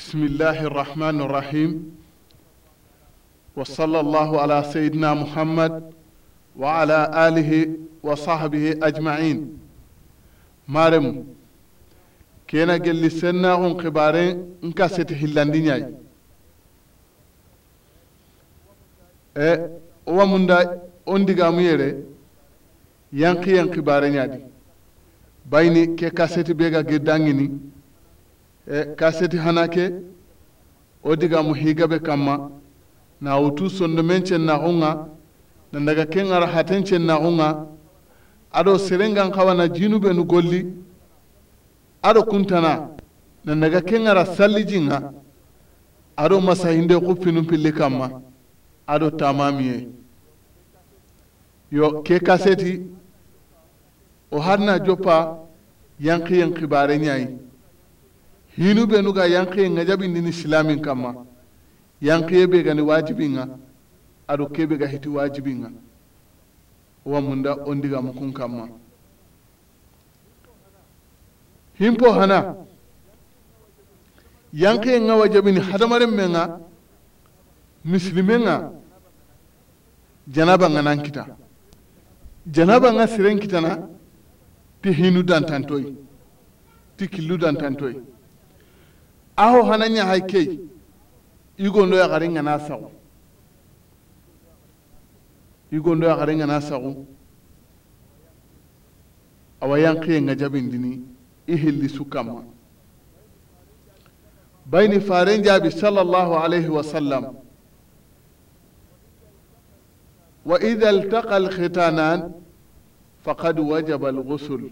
بسم الله الرحمن الرحيم وصلى الله على سيدنا محمد وعلى آله وصحبه أجمعين مارم كينا جل سنة انقبارين انكا ستحلان دينياي e owa munda on digamu yere yanki yanki bare ñaadi bayni ke kaseti be ga ge dangini e, kaseti hanake wo diga mu higabe kamma na wutu sondomen cennaxunga na daga ken ara haten cennaxunga aɗo serengan jinu jinube nu golli ado kuntana na daga ken ara sallijinga aɗo masahinde xuppinum pilli kamma ado tamamiye yo ke kaseti o har na joppa yanki yanki bare ñayi hinu benu ga yankiye nga jabindini silamin kamma yankiye be wajibi nga aɗo kebe ga hiti wajibinga owa munda ondiga mukun kamma himpo hana yankiye nga wajabini hadamaren men ga misilimen ga janaba nga nan kita janaba nga siren kitana ti hinu dantantoi ti killu dantantoyi aho hananya haike igondo ya garinga na sago igondo ya garinga na sago awayan kiyenga dini ihilli sukama bayni faren jabi sallallahu alaihi wa sallam wa idha altaqa alkhitanan faqad wajaba alghusl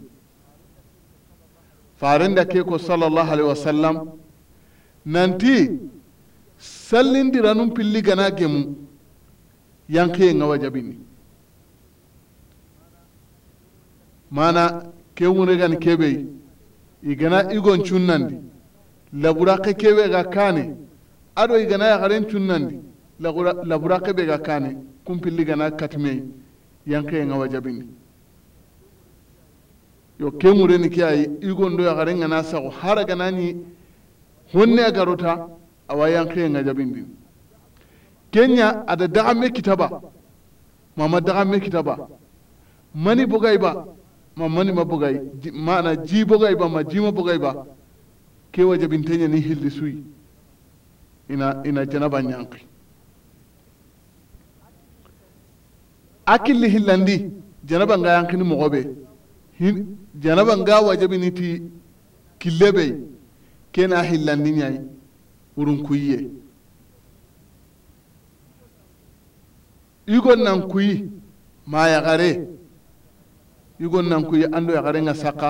da ke ko sallallahu alaihi wa sallam nanti sallindiranum pilli gana gemu yankiye ŋa jabini mana ke ŋuregani kebei i gana igon cunnandi laburake kebe ga kane ado i gana yagaren cunnandi laburake be ga kane kun pilli gana katimei yankiye ŋa jabini yo ke ŋureni ke ayi igon do yagaren ŋana sago hara ganani a honne agarota awa yankiyenga din kenya ada dagame kitaba mama dagame kitaba mani ba ma mani ma bogay mana ji ba ma ji ma jima bogayba kewa jabintenya ni hilli suyi ina ina janaba ñanki akilli hillandi janaba nga yankini mogoɓe janaba nga wajabiniti kille ɓey kena hillandi ñayi wurun kuyiye yugon nan kuyi ma yagare yugon nan kuyi ando yagare nga saka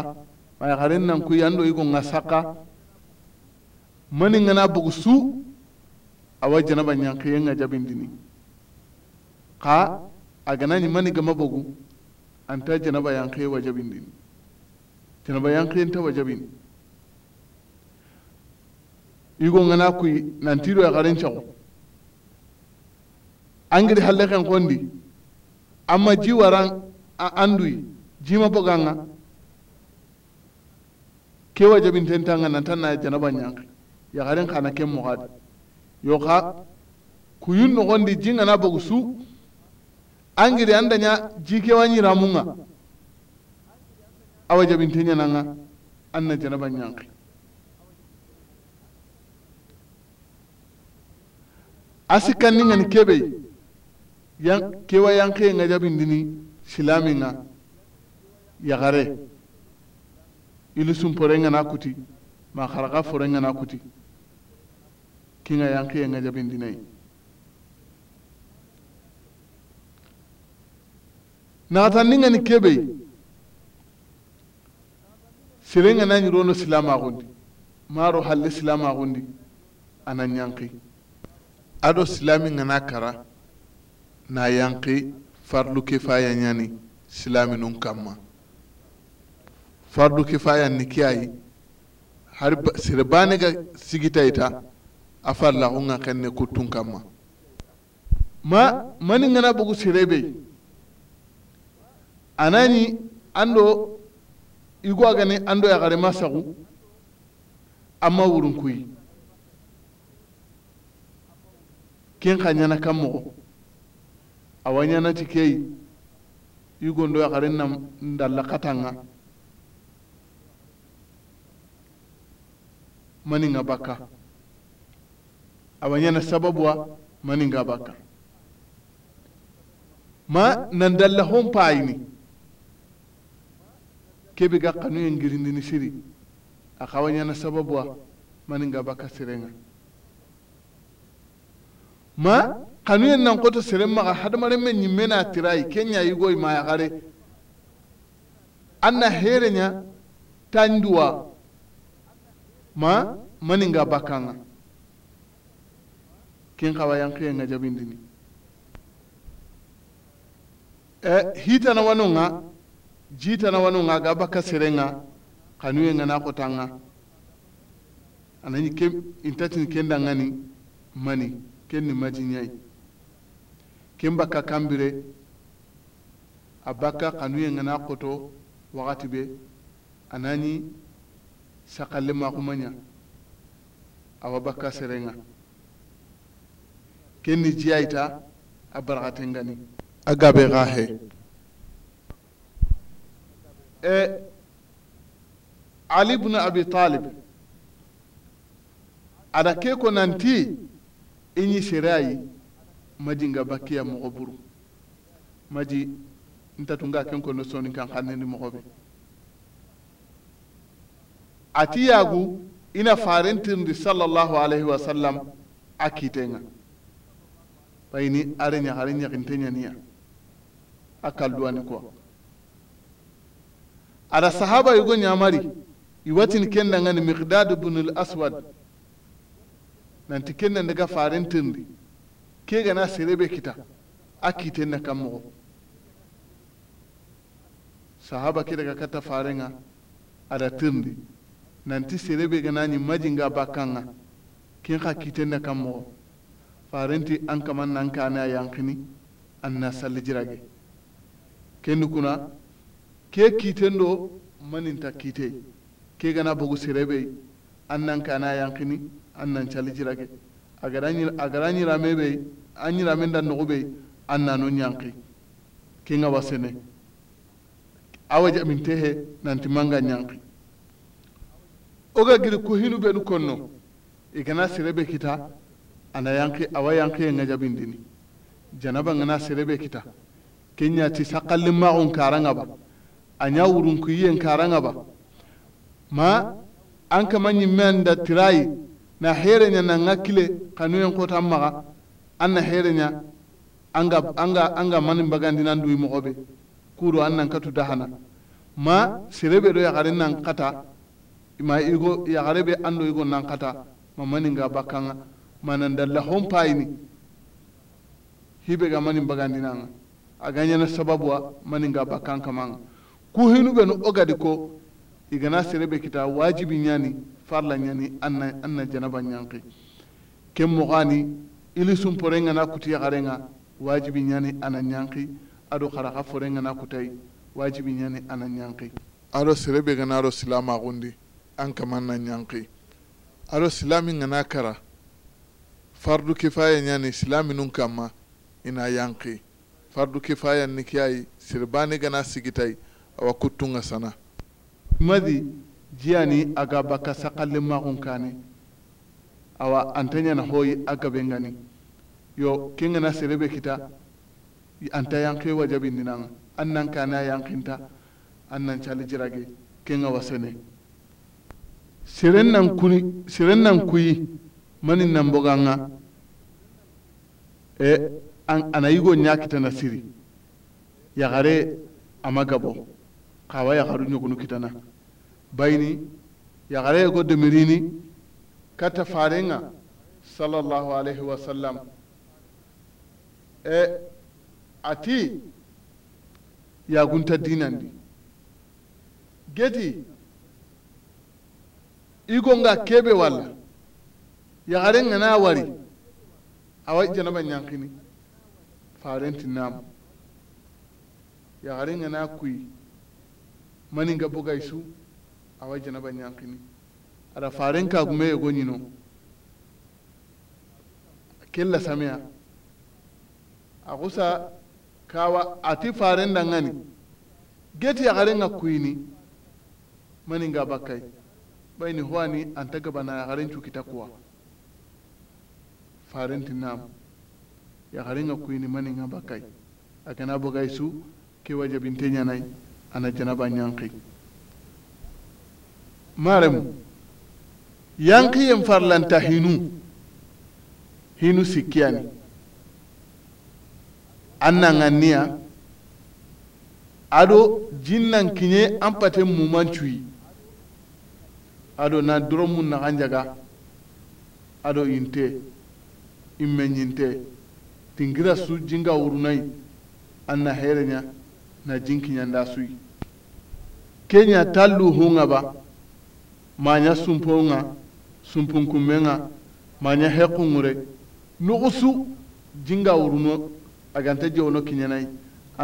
ma yagare nan kuyi ando yugon nga saka mani ngana bugu awa janaba ñankiye nga jabindini ka a ni mani gama bugu anta janaba yankiye wa jabindini janaba yankiye nta wa jabini igo ngana kui nantiro ya garen chaw angiri halle kan kondi amma ji waran andui ji ma boganga ke bin tentanga nan tan na janaba nyanka ya garin kana ken muhad yo ka kuyun no gondi jinga na bogusu angiri andanya ke wani ramunga awajabin tenya nanga anna janaba nyanka asi asikanni ngani kebe yan kewa yanke nga jabindini silami nga yagare ilu sumpore ngana kuti ma haraka fore ngana kuti kinga yanke nga jabindinai naxatanni ngani kebe sere ngana ñirono silamaxundi maaro halle silamaxundi ana ñanki ado silami ngana kara na yanki fardu kifaya ñani silami nun kamma fardu kifaya ni kiyayi har sere bane ga sigita ita a farla unga kenne kuttun kamma ma mani ngana bugu sirebe anani ando igo agani ando ya gare masagu amma wurin kuyi ken xa ñana kam moxo awa ñanati keyi i gondo yaxaren na ndalla xatanga maninga bakka awa ñana sababuwa maninga bakka ma nan dalla hon payini kebe ga kanuyen girindini siri a xawa ñana sababuwa maninga bakka sirenga ma kanu yen nan koto seren maga hadamaren men mena tirayi kenya yigoy mayagare anna nya tanduwa ma maninga yan ken xawa yankiyenga jabindini e eh, hitana wanonga jitana nga ga kanu serenga kanuyenga na kotanga anani ke kenda ngani mani ken ni majiɲai ken bakka kanbire a bakka kanu ye ŋana koto wagati be a naɲi sakalle maxumaɲa awa bakka serenŋa ken ni jiyayita a baraxaten gani a gabe xa he e ali bnu abi talib ada ke ko nanti iñi serayi maji nga bakkiya mogo buru maji ntatu nga ken kono soni kan xannini mogo be ati yagu ina farentirndi sallallahu alayhi wa sallam a kitenga payini are ñaxare ñaxinte ñaniya a kalduwani quoi ada sahaba yugo ñamari iwatini kendangani miqdad bnul aswad nanti kenna daga faren tindi ke gana serebe kita a kite na kan mogo sahaba ke daga kata a da tindi nanti serebe gana ni majin bakan a kin ka kiten na kan farin ti an kaman nan ka a yankini an na salli jirage ke nukuna ke kiten do maninta kite ke gana bugu sirebe annan kana yankini annan a calijirage agara ñirame an a ñiramen dan noxu ɓey an nano ñanki kenga a waje jamin tehe nan ti manga ñanki oga giri ko hinu ɓenu konno igana serebe kita ana yanki awa yanki yenga jabindini janaba ngana serebe kita ci sakallin ma'un karanga ba a nya wurin ña wurunkuyiyen karanga ba ma an kama ñimmen da tirayi na nya na nga kile ko ta maka an na an ga an ga manin bagandi nan duwi mogoɓe kuuro an nan katu dahana ma serebe ɗo yagare nan kata ma igo yagare ɓe an do igo nan kata ma maninga bakkanga manan dalla hon payini hibe ga manin bagandinanga a ganyana sababu a maninga bakkan kamanga ku hinu be no ogadi ko igana be kita wajibi ñani farla ñani anna anna janaba ñanki ken moxani ili sumporenga na kuti garenga wajibi ñani ana ñanki ado xaraxa forenga na kutai wajibi ñani ana ñanki ado be gana silama gundi an kaman na ñanki ado silami gana kara fardu kifaya ñani silami nun kama ina yanki fardu kifaya nikiyai sirbani gana sigitai awa kutunga sana madi jiyani aga baka makon kane awa antanya na hoyi a gaben gani yo ken na serebe kita anta yanke wajabindinanga an nan kana yankinta an nan cali jirage ken ga wasene seren nan kuni seren nan kuyi manin nan boganga e an ana yigo nyakita na siri yagare amagabo kawa yagaru kita kitana baini yagare go demirini kata farenga sallallahu alaihi wa sallam e ati yagunta dinandi geti nga kebe walla nga na wari awai janaba ñankini farenti namu nga na kuyi maninga bogay su awa janaba ñankini aɗa faren kagume e goñino kella sameya a kusa kawa ati faren dangani geti yagarenga kuyini maninga bakkai bayni howani anta gabana yagaren cukita kuwa farenti nam yagarenga kuyini maninga bakkai agana bogay su ke wajabinte ñanayi ana janaba ñanki maremu yanki yen farlanta hinu hinu sikkiyani an na ŋanniya ado jinnan kiɲe an pate muman cuyi ado na doromu naxan jaga ado inte immeñinte tingira su jinga wurunayi an na hereɲa na jinkiɲanda suyi kenya tallu hunŋa ba manya sumponga sumpunkummenga maña hequngure nugusu jinga wuruno aganta je kiñanayi kinyanai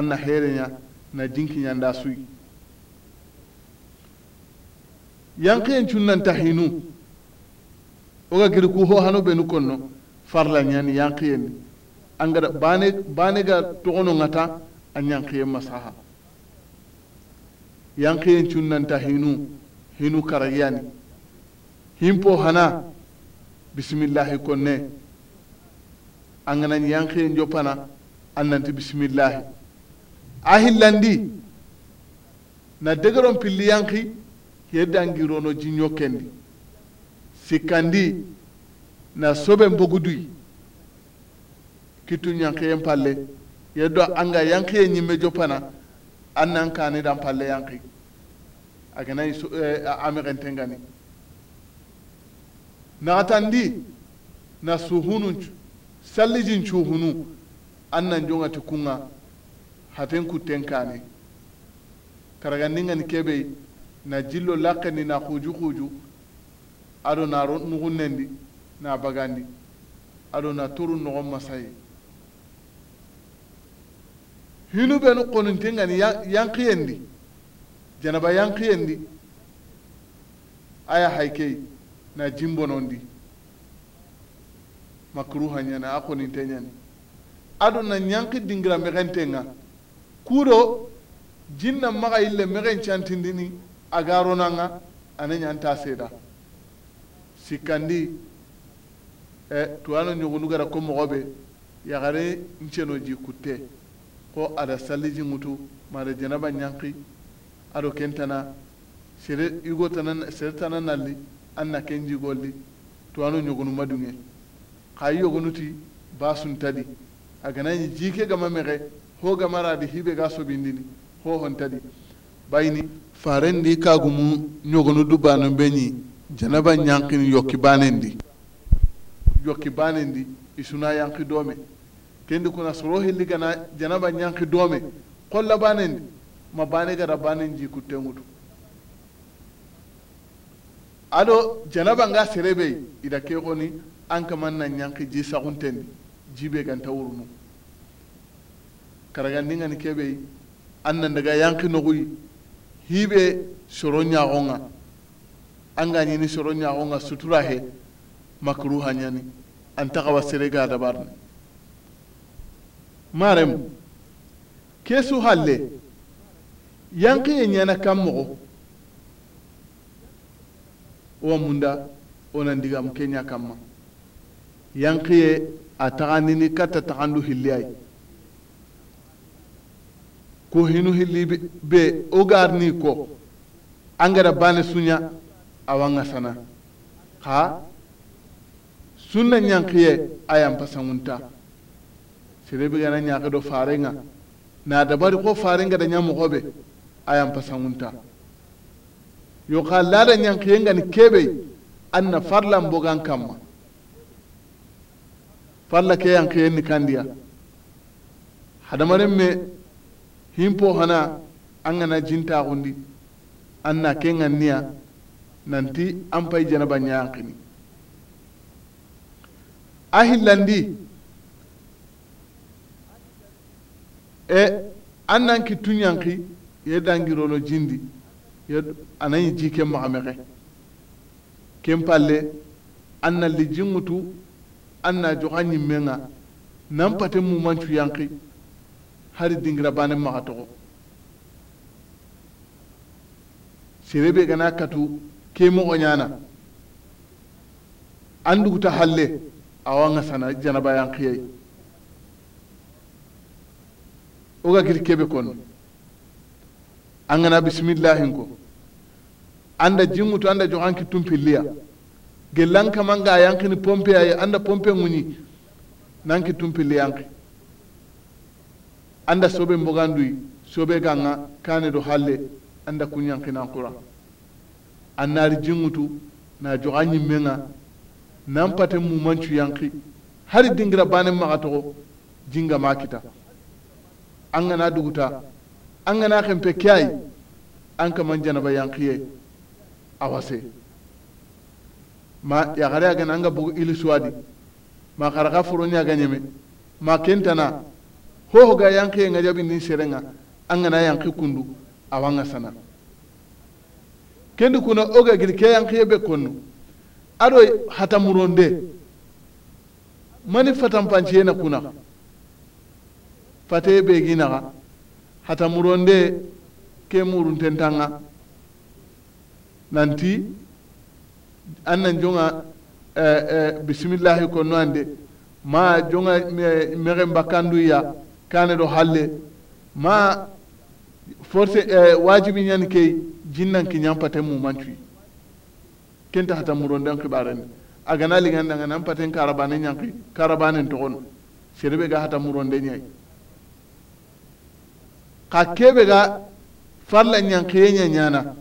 na herenya na nyanda sui yankiyen chunnan tahinu oga girku ho hano benu konno farla ñani yankiyendi angara bane bane ga tono ngata a masaha yankiyen chunnan tahinu hinu karagiyani himpo hana bisimillahi konne an gana yankiyen jopana an nanti bisimillahi a hillandi na degeron pilli yanki yeddangirono jinyo kendi sikkandi na soben boguduyi kitu yankiyen palle yeddo anga yankiye ñimme jopana an nan dan palle yanki Eh, a ganai amexenten gani naxatandi na suhununcu sallijin cuhunu an nan jongati kunga haten kutten kane karagandingani kebe na jillo lakkeni na huju xuju ado na nuxunnendi na bagandi ado na turun noxon masaye hinu benu xonunten gani yankiyendi yan janaba yankiyendi aya hayke na jimbonondi makruha ñana a koninte ñani aɗo na ñanki dingira mexentenga kuuɗo jinna maxa yille mexen cantindini a garonanga ane ñanta seeda sikkandi eh, tuwano ñogunu gara ko moxoɓe yaxare nceno ji kutte ko ada salli jinŋutu mada janaba ñanki ado aɗo kentana sere yugo tana sere tana nalli an na ken jigolli to ano ñogonu madunge xa yogonuti basuntadi a ganañi jike gama mere ho gama gamaradi hiɓe ga soɓindini ho hontadi bayni farendi kagumu ñogonu dubano be ñi janaba ñankini yokki banendi yokki banendi isuna yanki dome kendi kuna soro hilli gana janaba nyanki dome qolla banendi ma bani ga rabanin ji kutte mutu ado janaba nga bai ida ke goni an kaman nan yanki ji ji saguntendi jibe ganta wurnu ni ke kebe an nan daga yanki noguyi hibe soro ñaxonga an ga ñini soro ñaxonga sutura he makruha nyani an taxawa sere ga dabar marem ke su halle yankiye ye kam moxo wa munda wonan digam ma kamma ye a taga katta taxandu ay ko hinu hilli be o ni ko angara bane sunya awanga sana ha sunna ye a yampasangunta serebe gana nyaka do farenga na dabari ko farenga da ñamoxoɓe ayan pasangunta yo ka lada ñankiyengani keɓey anna farlan bogan kamma farla ke yankiyenni kandiya hadamaren me himpo hana an gana hundi an na ke ŋanniya nanti an pay janaba ñayankini a hillandi e an nan kittu ñanki ye dangirolo jindi ye anayi ji ken maxamexe ken palle an na li jinŋutu an na joxa ñimmen ŋa nan pate mumancu yanki hari dingira bane maxa toxo serebe gana katu ke moxo ñana an duguta halle awa ŋa sana janaba yankiyai wo ga giri kebe kono an gana bisimillahin ko anda jingutu anda jo anki tumpilliya gellan kaman ga yankini pompe ya ayi anda pompe nguni nanki tumpilli yanki anda sobe mbogandui sobe ganga kane do halle anda kunyankinan qura annari jingutu na jo anyimmenga nan pate mumancu yanki hari dingira banen maga togo jinga makita an gana duguta an gana kempe kyai an kaman janaba yankiye a wase ma yagare a gana an ga bugu ili suwadi ma karaka ya a ganyeme ma na ho ga yankiye nga jabi nin serenga an gana yanki kundu a wanga sana kendi kuna oga gidi ke yankiye be konnu ado hata muronde mani fatan na kuna fate bai ginaga hata muronde ke murunten tanga nanti annan jonga eh, eh, bisimillahi konno ande ma jonga mexen bakkanduya kane do halle ma forse eh, wajibi ñani key jinnanki ñampaten mumancuyi kenta hata an xibarani agana ligandanga nan paten karabane ñanki karabanen toxono serebe ga hata muronde ñayi ka kebe ga farla ñankiye ñañana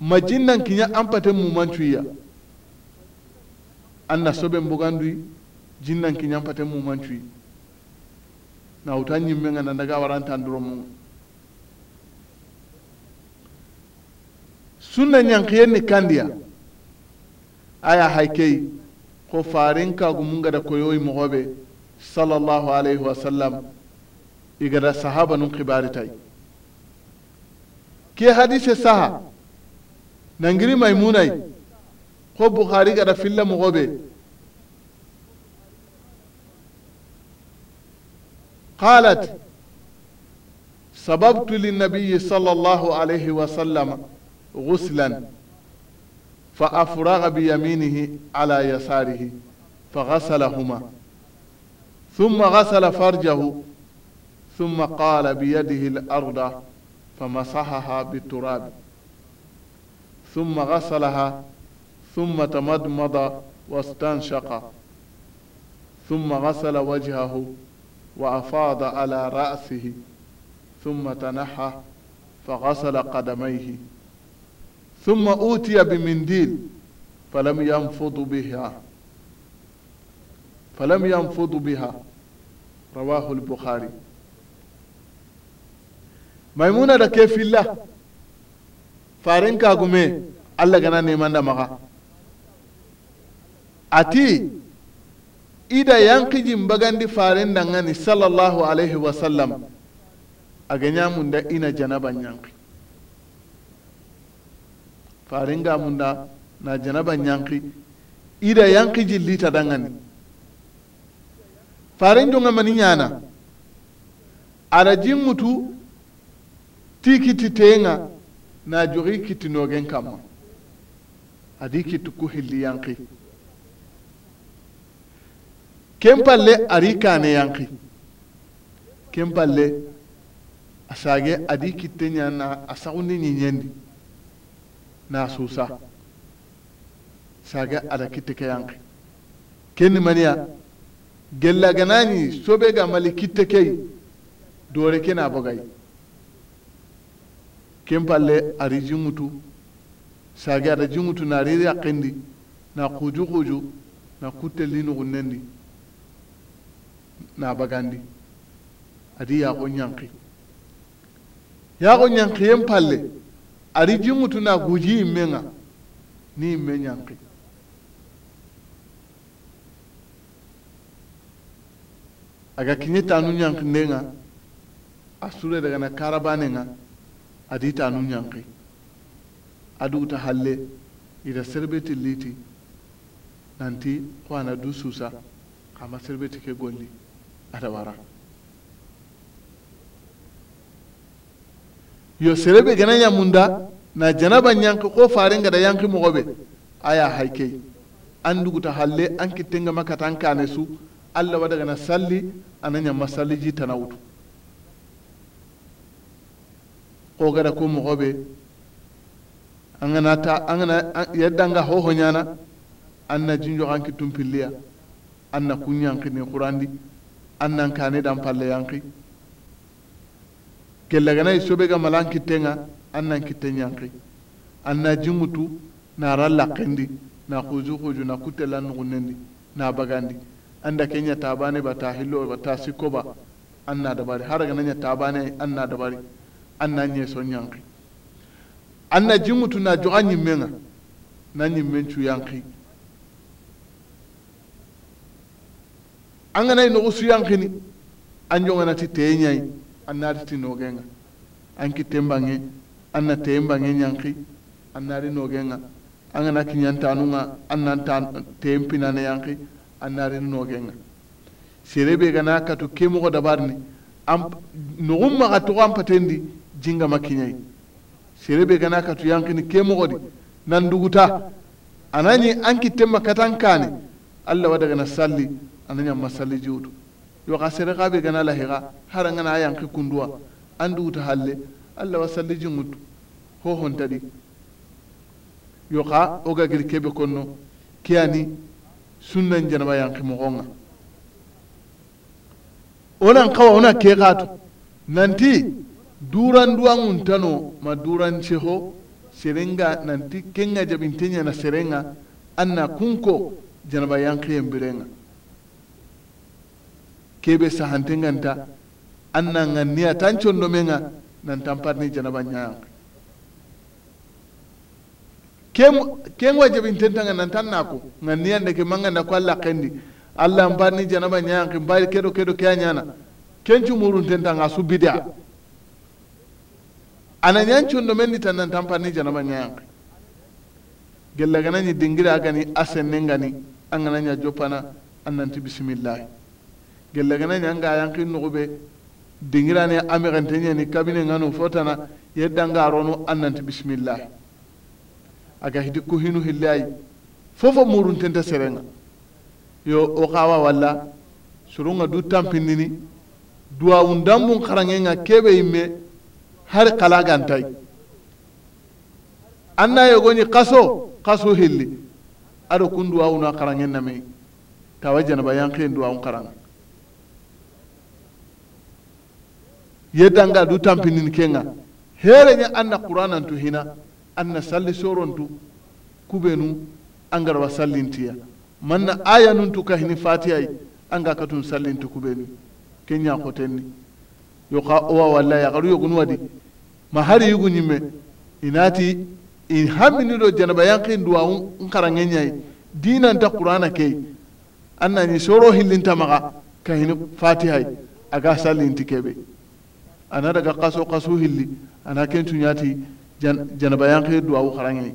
ma jinnan kiña an pate mumancuya an na soɓen bogandui jinnan kiña an pate mumancuyi na wuta ñimme ga na daga warantan doro mu sunna ñankiyen ni kandiya aya haykey ko farin kagumunga da koyoyi mogoɓe sallallahu alaihi wasallam igada sahaba num ke hadise saha nangiri maymunay ko bukhari gada filla mogoɓe qalat sababtu linnabiyi sal llahu alayhi wa sallam guslan fa afraga biyaminihi ala yasarihi fa gasalahuma ثم غسل فرجه ثم قال بيده الأرض فمسحها بالتراب ثم غسلها ثم تمضمض واستنشق ثم غسل وجهه وأفاض على رأسه ثم تنحى فغسل قدميه ثم أوتي بمنديل فلم ينفض بها فلم ينفض بها رواه البخاري maimuna da ke filla farin kagume allah gana neman da maka ti ida yankijin bagandi farin ngani sallallahu alaihi wasallam a ganya mun da ina janaban yanki farin ga mun da na janaban yanki ida yankijin lita dangani farin dunga mani yana arajin mutu ti kititenga na jogi kitinogen kamma adi kitu ku hilliyanki ken palle ari kane yanki ken palle a sage adi kitte ɲana a saguni ɲiɲendi na susa sage ada kitte ke yanki ken nimaniya gella ganani sobe ga mali kitte kei dore na bogayi ken palle ari jinŋutu sage ata jiŋutu na ari yakindi na kuju kuju na kuttelli nugunnendi na bagandi adi yaxo ñanki yaxo ñankiyen palle ari jinŋutu na guji yimmenŋa ni imme ñanki aga kiñe tanu ñankindenŋa a sure karabane karabanenŋa adi tanu ñanki aduguta halle ida serbeti liti nanti ko ana du susa kama serbeti ke golli ada wara yo serebe gana ñamunda na janaba ñanki ko farengada yanki mogoɓe aya haykey an duguta halle an kittengama kata an kane su allah wadagana salli ana ñamma salli ji tana wutu Ko gada ko mɔgɔ be an gana yadda nga ho honyana an na jinjo an ki tumpilliya an na kunyan ki qurandi an nan kane dan palle yanki kella gana isobe ga malan kitenga an nan kiten yanki an na jingutu na ralla kendi na khuzu khuju na kutela nugunendi na bagandi anda kenya tabane bata hillo bata sikoba an na dabari har ga nanya tabane an na dabari an na son yanki anna an na ji mutu na jo an ɲimme na nyi menchu yanki an ŋana yi su yanki an jɔ ŋana ti tee anna an ti noge ŋa an kitten bange an na teen bange ɲanki an naari noge ŋa an ŋana kiɲantanu ŋa an nan ta teen pinane yanki an naari noge ŋa serebe gana katu ke mogo dabarini nogun maga to an patendi Jinga jingama sere bai gana katu yankini ke moxodi nan duguta anañi an kittenma katan kane allah wa dagana salli anañamma salli jiwutu yo xa sere xa be gana lahixa harangana a yanki kunduwa an duguta halle allah wa salli jinŋuttu ho hontaɗi yo xa wo gagiri kebe konno ke ani sunnan janaba yanki moxonga wo nan xawa wo ke xatu nanti duran duwangun tano ma duran ceho serenga nanti kenga jabintenya na serenga an na kunko janaba yankiyen birenga kebe sahante nganta an na nga niya tan condo menga nan tamparni janaba ken wa jabintenta nan tan nako nga niyande ke na ko alla kendi alla mbarni janaba ñayanki mbari kedo kedo ke a ñana kencu muruntentanga su ana ñancundo men ni tan nan tampanni janaba ñayanke gella ganañi dingira gani a sennen gani a ganaña joppana an nanti bisimillahi gella gana an ga yankin dingira ne a mexente ñeni kabine nganu fotana yeddangaronu an nanti bisimillahi aga hidi ku hinu hillayi fofo muruntenta serenga yo o xawa walla surunga du tampindini duwawun dambun xarangenga kebe yimme har kalagantai anna goni kaso kaso hilli aɗo kun duwawuna karangen nami tawa janaba yanken duwawun karan yeddanga du tampinin kenga hereña anna tu hina anna salli tu kubenu sallin tiya manna aya tu kahini fatiyayi anga katun tu kubenu kenya kotenni yoka owa walla yakaru yogunu wadi ma hari yugu ñimme inati in hammini ɗo janaba yankin duwawu n karange ñayi dinanta qur'ana key anna ni soro hillintamaxa kahini fatihay aga sallinti kebe ana daga kaso kaso hilli ana ken cuñati jan, janaba duwa duwawu xarangeyi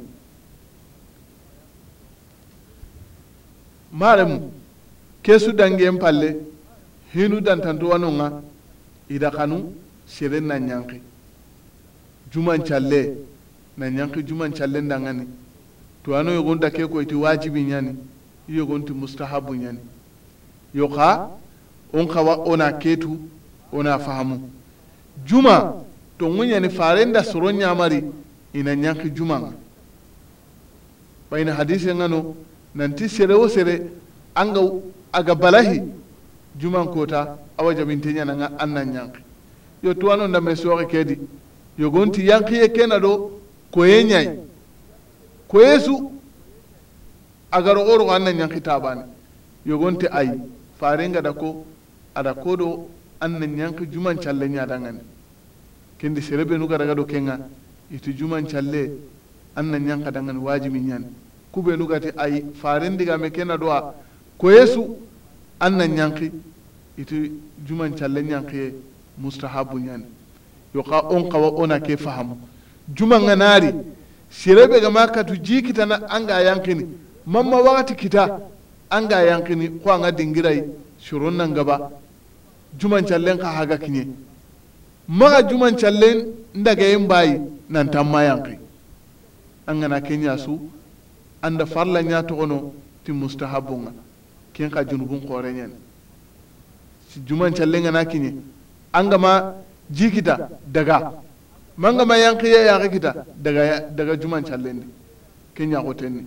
maremu ke su dangen palle hinu dantantuwanonga ida kanu sere na ñanki juman calle na ñanki juman calle ndangani ano yogonta ke koy iti wajibi ñani i yogonti mustahabu ñani yoka onka wa ona ketu ona fahamu juma tongu ni farenda soro ñamari ina ñanki jumanga bayna hadise ngano nanti sere wo sere anga aga balahi juman kota awa jabinte ñananga an na ñanki yo tuwano ndame sooxe yanki yogonti yankiye na do koye nyai koye su a oro orogo an na bani tabane yogonti ayi farenga da ko a da ko ɗo an na ñanki juman calle ñadangani kendi serebe nu garaga ɗo kenga itu juman calle an na ñanka dangani wajibi ñani nuka ti ayi farendigame kena ɗo a koye su an nan yanki ita juman callen yanki mustahabu yani yo ka on kawa ona ke fahamu juman nga nari sirebe ga ji jikita na an ga man mamma wakati kita an ga ni ko an dingirai shurun nan gaba juman callen ka haga kinye maka juman callen daga yin bayi nan tan ma yanki an gana kenya su an da farla nya ta ono ti nga. ken ka junubun kore nyen juman challe ngana kinye angama jikita daga mangama yankiya yaki kita daga daga juman challe ndi kenya ne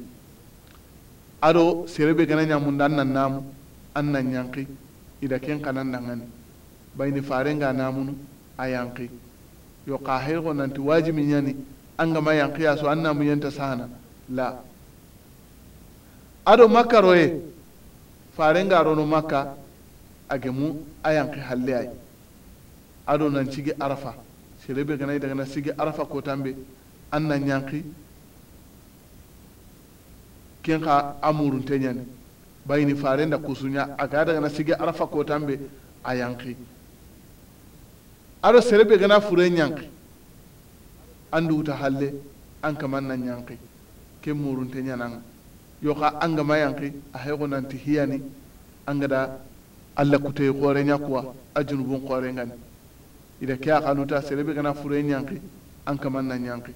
ado serebe gana nyamunda annan namu annan yanki ida ken kanan dangani bayni farenga namunu a yanki yo ka haygo nanti wajibi nyani angama yankiya so annamu yanta sana la ado makaroye Faren ga ronon maka a yanki halle ay aɗo nan cigi arafa serebe daga na cigi arafa ko kotanɓe an na ñanki ken xa a murunte faren da farenda kusuña a gaya na cigi arafa tambe a yanki aɗo serebe gana fure yanki an duguta halle an kaman na ñanki ken murunte ñananga yoxa angama yanki a xeexo nanti hiyani angada alla kutey xoorenya kuwa a junubun xoorengani ida ke a xanuta serebe gana fure ñanki an kaman na ñanki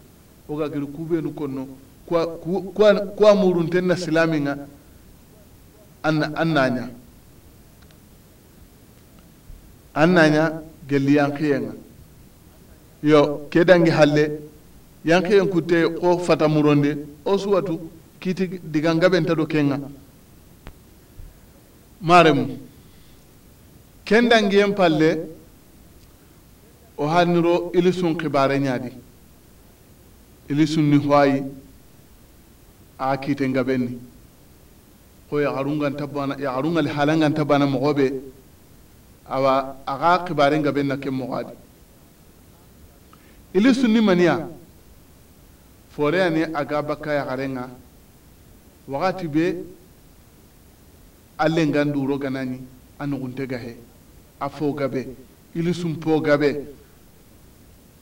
wo ga giri kubenu konno kuwa murunten na silaminga an naña an naña gelliyankiyenga yo ke dangi halle yankiyen kutte xo fata muronde o suwatu kiti digangaɓenta ɗo kenga maremu kendangiyen palle o hanniro ilisun kibare ñaadi ilisun ni hoayi a kiite ngaɓenni ko yaharunganta bana yaharungal halanganta bana mogoɓe awa axa kibare ngaɓen na ken mogo adi ilisun ni maniya foreyani aga bakka yaxarenga wakati be allen ganduro ganani a nugunte gahe a fo gabe ili sumpo gabe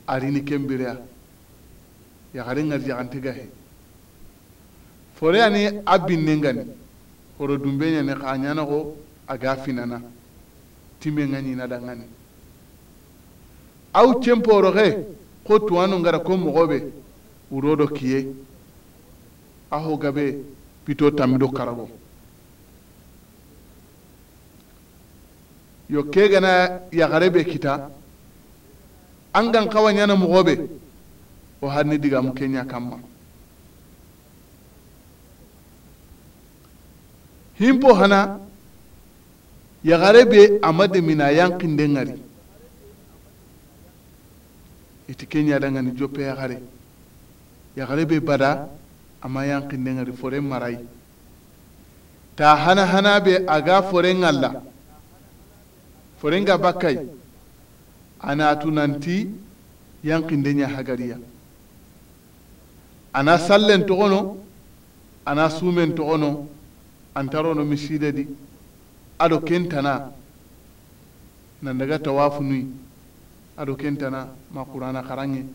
arini kembireya yagaren ŋar yagante gahe fore ani a binne gani horo dumbe ñani xa ñanaxo a ga finana time ŋa ñinada ŋani aw cenporoxe ko tuwanu ngara ko moxoɓe wurodo kiye a ho gabe pito tammido karago yo ke gana yagare be kita an gan kawa ɲana mogo be o har ni digamu ke ɲa kanma himpo hana yagare be ama demina yankinde ŋari iti ke ɲadangani joppe yagare yagare be bada amma yankin ngari foren marai ta hana hana be ga foren Allah foren ga bakai ana tunanti yankin ya hagariya ana sallen togono ana sumen togono antarono miside di ado kentana nan daga tawafu nui ado kentana ma qur'ana karange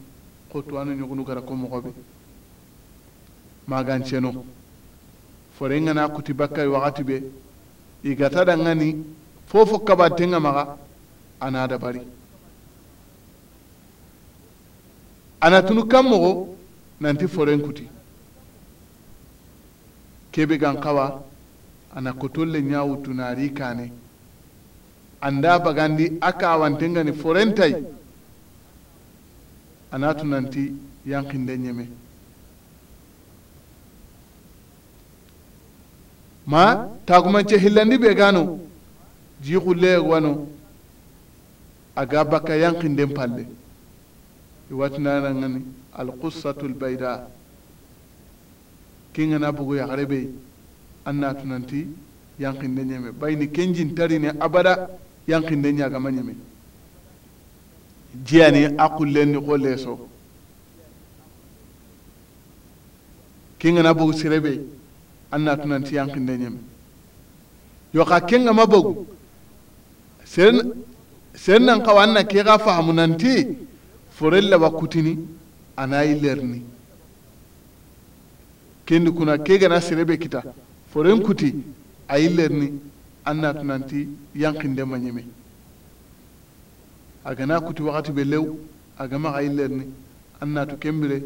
ko to nyugunu gara ko mogobe maganceno forenga na kuti bakkai wakati be igata dangani fofo kabattenga maga ana dabari ana tunu kanmogo nanti foren kuti kebe gankawa ana kotolle ñawutu tunari kane anda bagandi a kawantengani forentay anatu nanti yankinde ñeme ma tagumance hillandi be gano jiixulle wano aga bakka yankinden palle iwatinanangani alqussatu lbayda kengana bugu yaxare be an natunanti yankinde ñeme bayni kenjin tarine abada yankinde ñagama ñeme jiyani a ko xo leeso kengana bugu sirebe anna tunanti yankinde ñeme yo xa kenga ma bogu sen sen nan xawa anna ke xa faamu nanti forel lawa kutini ana lerni kuna ke kita foren kuti lerni anna a gana kuti wakati a gama kembire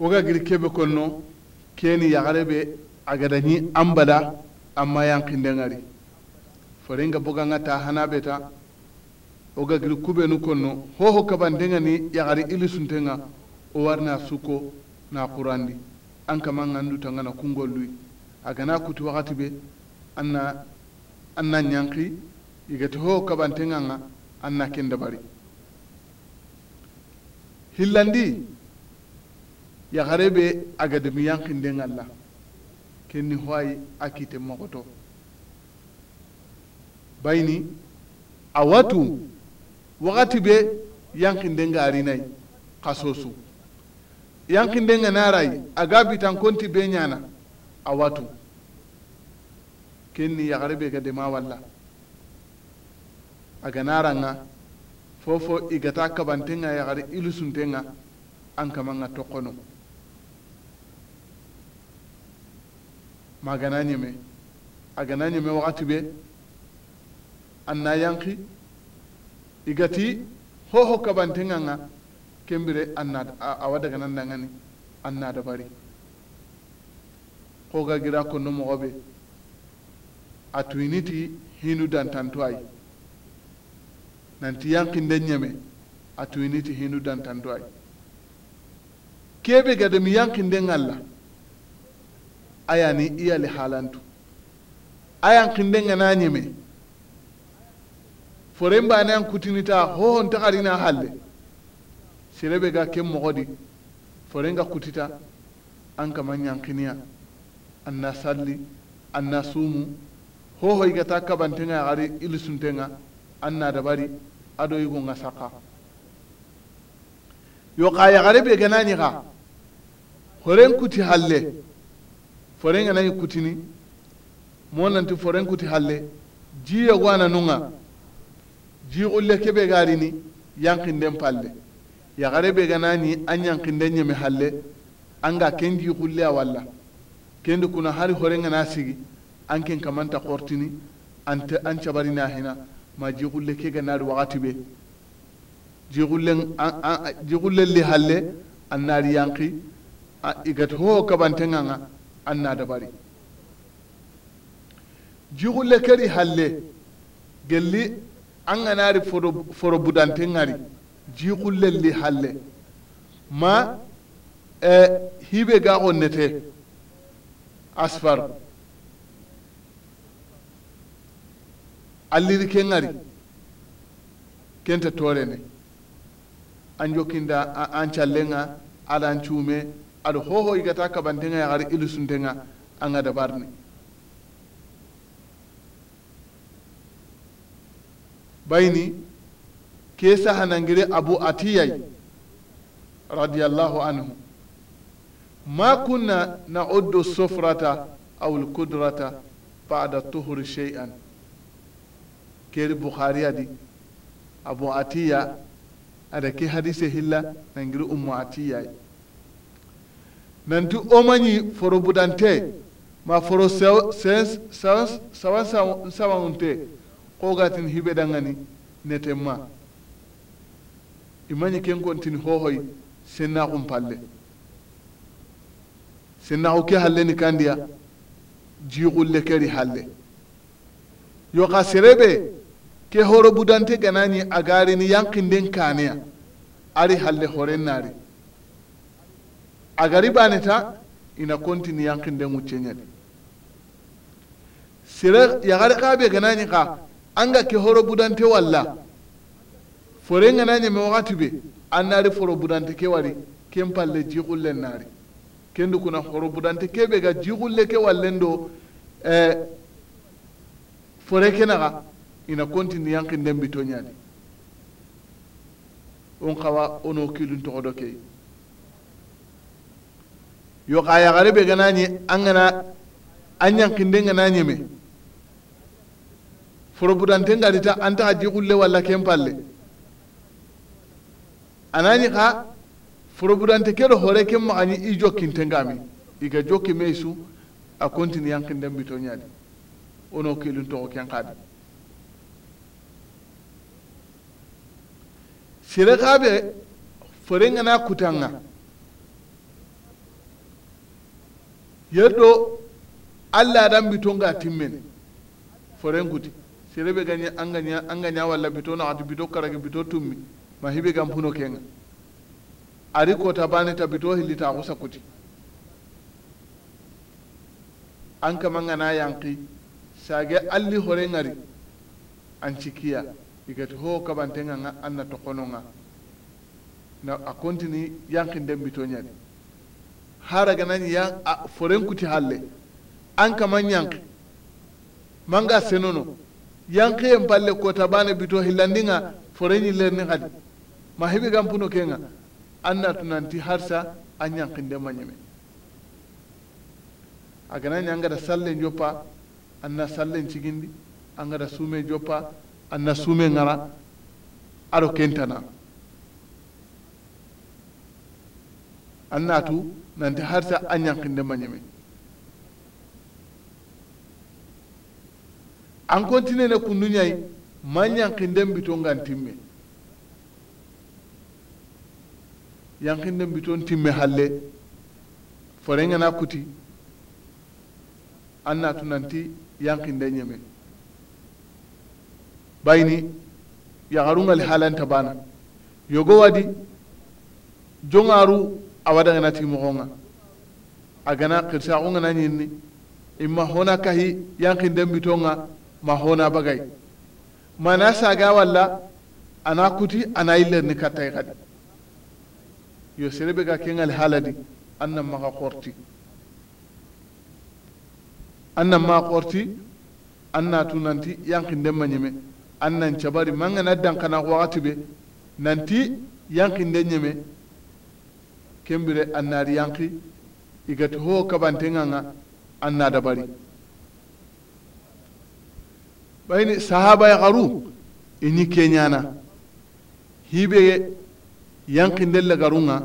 woga giri kebe konno keni yagare be agadañi ambada amma yankindengari farenga boganga ta hana beta woga giri kubenu konno hoho kabandengani yagari ilisuntenga o warna suko na qurandi an kama gandu tangana kungolluy agana kutu wakati be anna anna ñanki igati ho kabantenganga anna kendabari hillandi yagare be yankin yankinden Allah ke ni hoayi a kite bai ni a watu wakati be yankinden ga arinayi kasosu yankinden ga narayi aga bitankonti be nyana a watu ken ni yagare be a ga nara nga fofo igata kabantenga yagare ilusuntenga an nga tokkono magana ñeme a gana ñeme wakati be an na yanki igati hoho kabantenga ga kembire anna awa daganan dangani an na dabari koga gira mɔgɔ be a tuiniti hinu dantanto ti nanti yankinde nyame a tuiniti hinu dantanto ay keɓe gademi yankinden la. ayani iyali halantu ayan kindenga na ñeme foren mbane an kutinita hohon harina halle sirebe ga kem mogodi foren ga kutita an kama ñankiniya an na salli an na sumu hoho i gata kabantenga yaxari ilisuntenga an na dabari ado nga saka yo xa yaxare be gana ñixa horen kuti halle foren ganayi kutini mo nanti foren kuti halle jiya gwana nunga ji ulle kebe yankin den palle gare be ni an yankin den ñeme halle an ga kendi hulle a walla kendi kuna hari horen gana sigi an kin kamanta an ta an na hina ma ji ulle ke ganari wakati be ji ulle li halle an nari yanki igat ho kabantenganga nganga anna dabari jigulle lekari halle gelli an ganari foro budante ngari jigulle halle ma eh, hibe ga onete asfar alliri ke ngari kenta ne an jokin da an callenga ala cume aɗa hoho igata kabantenga yaxar ilusuntenga anga dabarni bayni ke sahanangire abu atiyay radiallahu anhu ma kunna nauddu sufrata aw lkudrata bada tuhuri shay'an keri bukhari adi abu atiya ada ke hadise hilla nangiri ummu atiyay nanti o omañi foro budante ma foro sawan sawanunte kogatin hibe dangani neten ma imañi ken kontini hohoy sennaxum palle sennaxu ke halleni kandiya jiixulle keri halle yoxa serebe ke horo budante ganani agarini yankinden kaneya ari halle horen naari a gari ta ina kontini yankinden ŋucceñadi sere yagari kabe ganani ka an ga ke horo budante walla fore ni me wakati be an nari foro budante ke wari ken palle jigulle nari kendi kuna horo budante be ga jigulle ke wallen do eh, fore kenaga ina kontini yankinden bito ñadi on kawa ono kilun toxodo keyi yo ka ya be gana ni an gana an kinde gana ni me da ta an taxa kulle walla ken palle anani xa forobudante ke do hore ken ani i jokin i ga joki me su a continue yankinden bito ñadi wono kilun toxo ken xadi sere xaɓe forengana kutanga yeddo allah aɗan bito nga timmen forenkuti serebe gaña angaña angaña walla bito naxati bito karage bito tummi ma hiɓe gam huno kenga ari kota baneta bito hillitaxu kuti an kama ngana yanki sage alli hore ngari an cikiya igati ho kabantenga nga an na tokono nga na a kontini yankin den bito ñadi hara ganan ya foren kuti halle an kaman yank manga senono yank yen palle kota bane bito hillandinga foren lerni hadi ma hebi gam puno kenga anna tunanti harsa an yankinde mañeme a ganani an gada salle joppa anna sallen cigindi an gada suume joppa anna suume ngara aro kentana anna tu nanti an yankin ñankinde ma ñeme an kontine ne kundu man ma ñankinden biton gan timme yankinden biton timme halle forengana kuti an natu nanti yankinde baini bayini yaxarungali halanta bana yogo wadi jongaru awa ngana tigi mogo ŋa a gana kirsaxu ŋana ñinni imma hona kahi yankinden bito ŋa ma hona bagai, mana saga walla ana kuti ana yillenni kattayi xadi e yo serebe ga ke ŋali haladi an na maka kɔrti, an na ma kɔrti, an tunanti yankin den ma ñeme an nan cabari mangana dankana waati be nanti den ñeme kembire annaari yanki igati ho kabantenga nga anna dabari bayni sahaba yakaru ini keñana hiɓe yanki ndelle garunga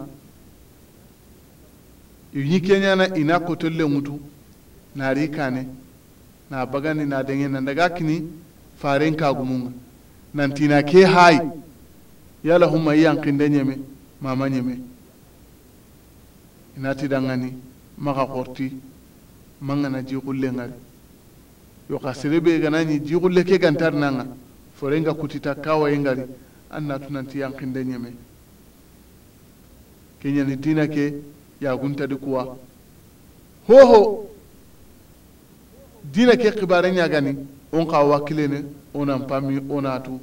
ini keñana ina mutu ŋutu naari kane na bagani na deŋe nan daga kini faren kagumunga nantina ke hayi yala humma i yankinde ñeme mama ñeme inati dangani maga korti mangana jigulle ngari yo ka serebe ni jigulle ke gantar nanga forenga kutita kawaye ngari an natu nanti yankinde ñeme ke ñani dina ke ya gunta di kuwa hoho dina ke xibare ñagani on xa wakkilene onan pami onatu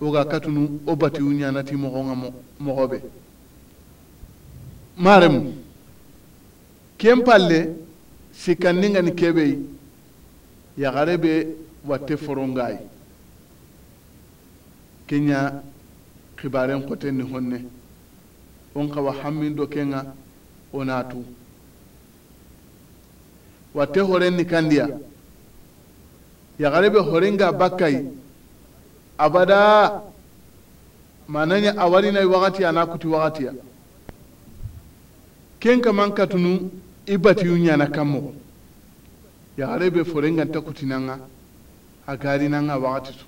oga katunu o batiwu ñanati moxonga moxoɓe mo marem ken palle ni kebei yagare be watte forongayi kenya xibaren koten ni honne on kawa hammin do kenga o naatu watte horen ni kandiya yagare be horenga bakkayi abada mananya awarinayi wakatiya na kuti wakatiya ken kaman katunu i batiyu ɲana kan mogo ya be foren ganta kutinanga a garinanga wagati su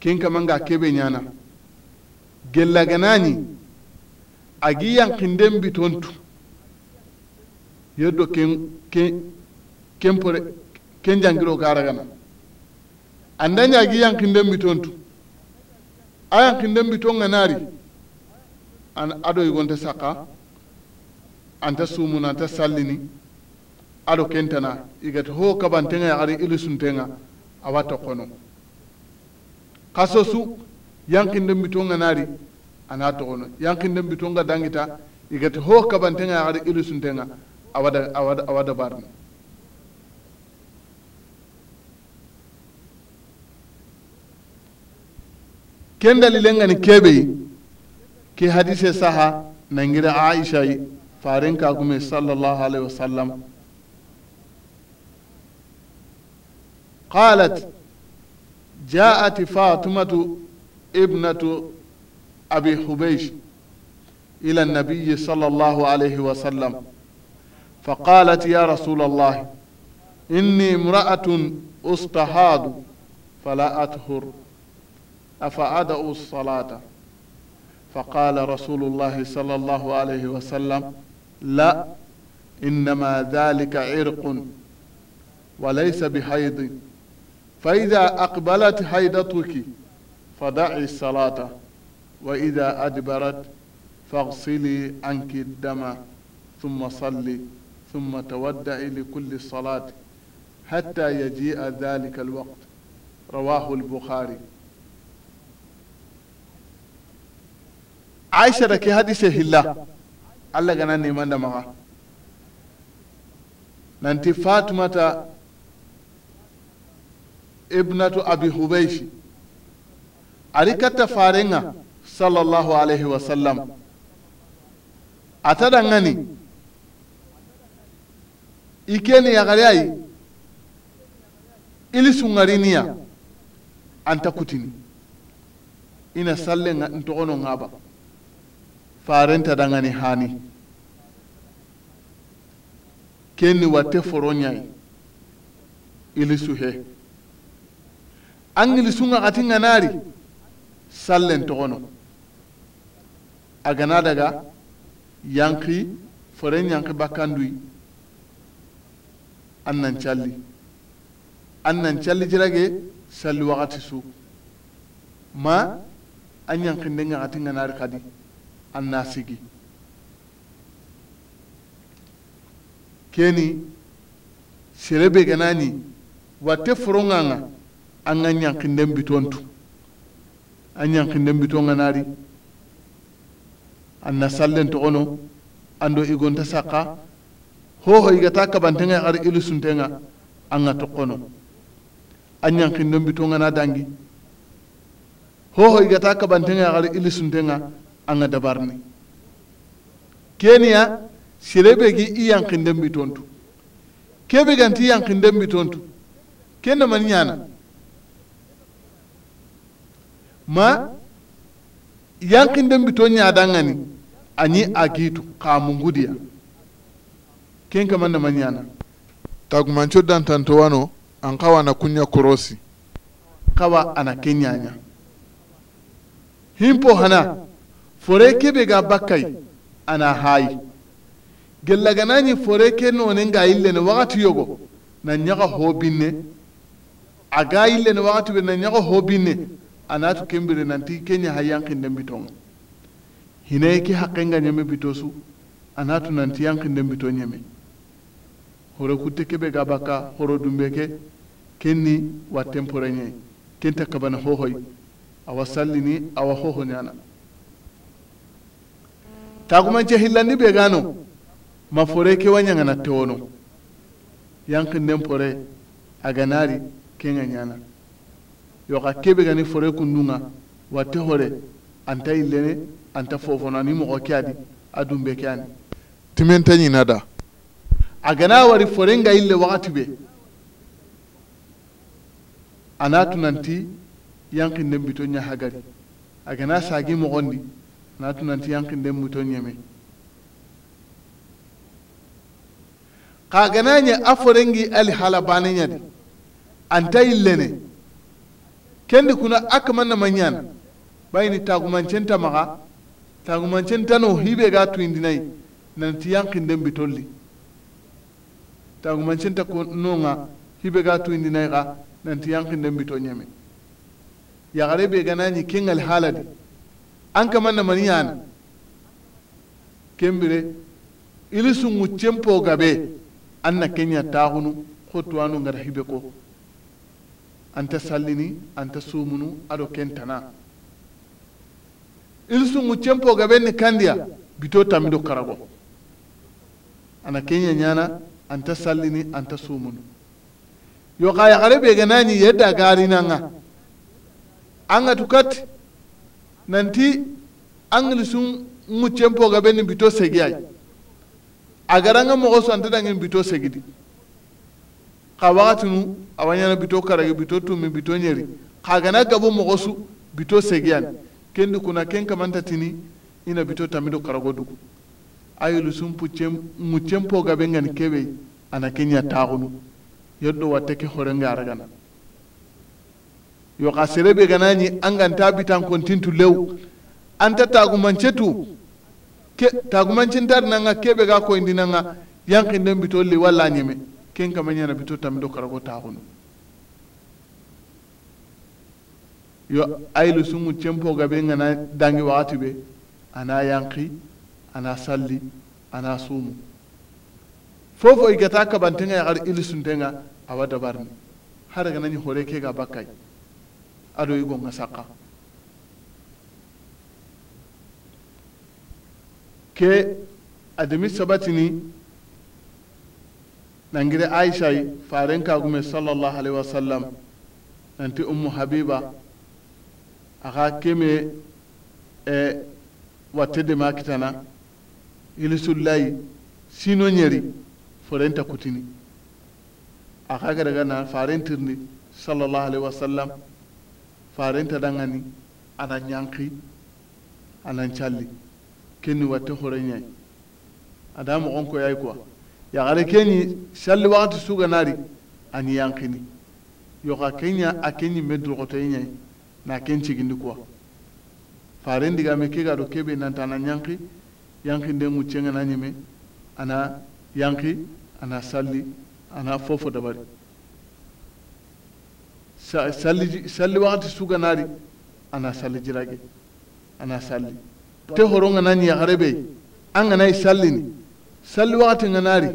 ken kaman ga kebe ɲana gellaganani agi yankinden bitontu yeddo ken ken pore ken jangiro garagana andanya agi yankinden bitontu a yankinden bitonga nari an ado an ta sumu na ta sallini ado kentana igata ho kabantenga yaxari ilu suntenga awa toqono xaso su yankinden bitonga naari ana toxono yankinden bitonga dangita igata ho kabantenga yaxari ilu suntenga awada awada awada barni ken dalilengani keɓeyi ke hadise saha nangira aisha faren صلى sallallahu alaihi wasallam قالت جاءت فاطمة ابنة أبي حبيش إلى النبي صلى الله عليه وسلم فقالت يا رسول الله إني امرأة أستهاد فلا أطهر أفأدأ الصلاة فقال رسول الله صلى الله عليه وسلم لا إنما ذلك عرق وليس بحيض فإذا أقبلت حيضتك فدعي الصلاة وإذا أدبرت فاغسلي عنك الدم ثم صلي ثم تودعي لكل صلاة حتى يجيء ذلك الوقت رواه البخاري aisha da ke hadise hilla allah gana nimanda maxa nanti fatumata ibnatu abi hubayshi ari katta farenga sallallahu alaihi wasallam ataɗa ngani i keni yaxareayi ili sungariniya anta kutini ina sallenga ntoxono ngaba farenta dangani hani kenni watte ili suhe he sunga xati nganari sallen togono a gana daga yanki foren yanki bakandui an challi annan an jirage salli wakati su ma an yankinden ŋaxati nganari kadi an keni serebe ganani gana ni watte foronga nga an ga ɲankinden biton tu an biton nari an na sallen togono an do igonta ho hoho igata kabantenga ar ilu suntenga an ga tokono an ɲankinden biton ga na dangi hoho igata kabantenga ar ilu suntenga anga dabarni kenya sirebe gi i yankinden bitontu kebe ganti yankinden bitontu kenda mani ñana ma yankinden to ñadangani ani a xaa mungudiya ken kama man ñana tagumanco dantantowano an kawa na kunya korosi xawa ana ken ñaña himpo hana fore kebe ga bakkai ana hayi gellaganani fore ke nonen ga yillene wakati yogo na ñaga hobinne a ga yillene wakati ɓe na ñaga hobinne anatu kembire nanti keña ha yankinden biton hinayi ke haqqenga ñeme bito su anatu nanti yankinden biton nyame hore kutte keɓe ga bakka horo dumbe ke kenni watten poreñe kenta kabana hohoy awa sallini awa hoho ñana taxumance hillandi be gano ma fore ke wa ñangana tewono yankinden pore aganari kenga ñana yoka kebe gani fore kundunga watte hore anta yillene anta fofono ani moxo ke adi a dumbe ke ani timenta a gana wari forenga nga yille wakati be a natunanti yankinden bito ñahagari a gana sagi mogondi natu nanti yankinden muto ñeme xa ganañe a forengi ali hala baneñadi anta yillene kendi kuna a kamannama ñana bayini tagumancenta maxa tagumancentano hibe ga tuyindinayi nanti yankinden bitolli no nonga hibe ga tuyindinayi xa nanti yankinden bito ñeme yaxare be ganañi kengali di. an mani maniyan kembire ili sunŋu cempo gabe an na kenya taxunu anu ngada hibe ko an ta sallini an ta sumunu ado kentana ili sunŋu cempo gabe ni kandiya bito tamido karago ana kenya an ta sallini an ta sumunu yo xa yaxare ɓe nani yedda garinanga an ga tukati nanti sun ŋu cenpo gabe nin bito segi ay a gara ŋa mogo so dangin bito segidi xa waxatinu awa ɲana bito karagi bito tumi bito ɲeri xa gana gabo mogo su bito segiyani kendi kuna ken kamanta tini ina bito tamido karago dugu ayolu sumpu ŋu cenpo gabe ŋani kebe ana kenya taxunu yeddo watte ke horengara aragana yo xa serebe ganañi anganta bitan kontintu lew an ta tagumance tu ke tagumancintar nga kebe ga koyindi nanga yankinden bito li walla ñeme ken kama ñana bito do karago taxunu yo ayilu sungu cempo be ngana dangi waati be ana yanki ana salli ana sumu fofo igata kabantenga yaxar ili suntenga awa dabarni har nani hore ke ga bakai. aɗo yigonga sakka ke ademi sabatini nangire yi faren kagume sallallahu alaihi wasallam nanti ummu habiba aka keme e wattede ma kitana ilisullayi sino ñeri forenta kutini aka gana na tirni sallallahu alaihi wasallam farenta dangani ana ñanki anan calli kenni watte horeñayi ada mogonkoyayi quoi yaxare keni salli suga nari ani yankini yoka kenya a ke kote nyai na ken cigindi quoi faren digame ke do kebe nanta ana ñanki yankinden ŋuccengana ñime ana yanki ana salli ana fofo dabari salli salli wakati suga nari ana salli jirage ana salli te horo nga nani yagare an ga salli ni salli wakati nga nari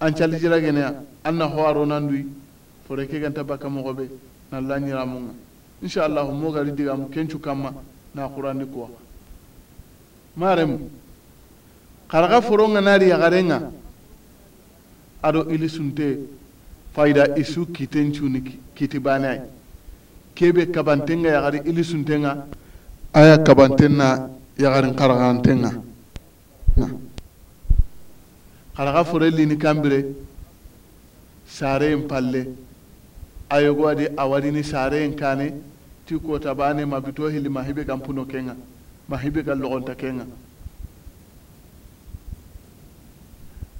an salli jirage ne an na hawaro nan dui fore ke ganta baka mogo be na lanyira mun insha Allah mo gari diga mu kencu kama na qur'ani kuwa marem karaga foro nga nari yagare nga ado ili sunte fayda isu kiten cuni kiti bane ay kebe kabantenga yagari ili suntenga aya kabantenna yagarin karagantenga karaga forellini kambire saren palle ayogo adi awadini saren kane ti kota bane mabito hili mahibe kan puno kenga mahibe kan logonta kenga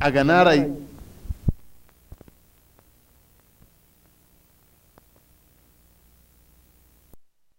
aganarai